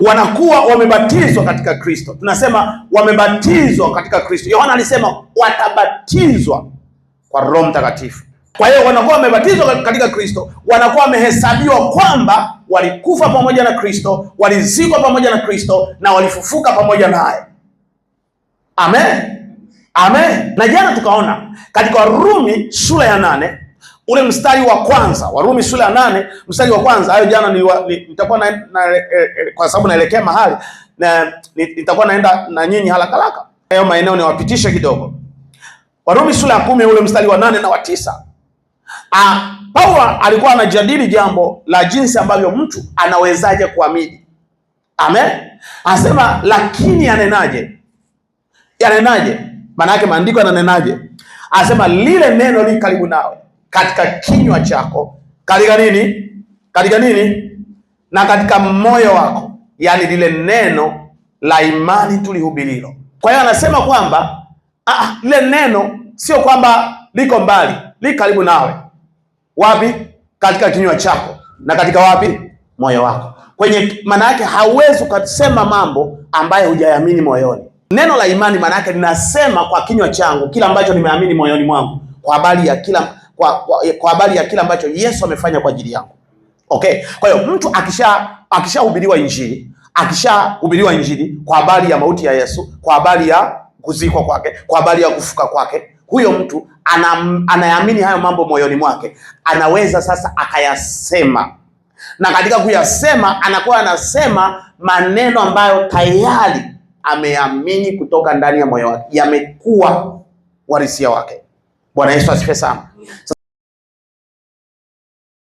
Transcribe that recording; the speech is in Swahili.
wanakuwa wamebatizwa katika Kristo. Tunasema wamebatizwa katika Kristo. Yohana alisema watabatizwa kwa Roho Mtakatifu. Kwa hiyo wanakuwa wamebatizwa katika Kristo, wanakuwa wamehesabiwa kwamba walikufa pamoja na Kristo, walizikwa pamoja na Kristo na walifufuka pamoja naye. Amen, amen. Na jana tukaona katika Warumi sura ya nane ule mstari wa kwanza Warumi sura ya nane mstari wa kwanza hayo jana ni, nitakuwa na, na, e, kwa sababu naelekea mahali na, nitakuwa naenda na nyinyi haraka haraka hayo maeneo niwapitishe kidogo. Warumi sura ya kumi ule mstari wa nane na wa tisa ah, Paulo alikuwa anajadili jambo la jinsi ambavyo mtu anawezaje kuamini. Amen, anasema lakini anenaje, Yanenaje maana yake maandiko yananenaje? Anasema lile neno li karibu nawe katika kinywa chako, katika nini, katika nini na katika moyo wako, yaani lile neno la imani tulihubirilo. Kwa hiyo anasema kwamba ah, lile neno sio kwamba liko mbali, li karibu nawe. Wapi? Katika kinywa chako na katika wapi? Moyo wako. Kwenye maana yake hauwezi ukasema mambo ambayo hujayamini moyoni. Neno la imani maana yake linasema kwa kinywa changu kila ambacho nimeamini moyoni mwangu kwa habari ya kila kwa, kwa, kwa habari ya kile ambacho Yesu amefanya kwa ajili yangu. Okay, kwa hiyo mtu akisha akishahubiriwa injili akishahubiriwa injili kwa habari ya mauti ya Yesu, kwa habari ya kuzikwa kwake, kwa habari ya kufuka kwake, huyo mtu anam, anayaamini hayo mambo moyoni mwake, anaweza sasa akayasema, na katika kuyasema anakuwa anasema maneno ambayo tayari ameamini kutoka ndani ya moyo wake, yamekuwa warisia wake. Bwana Yesu asifiwe sana. So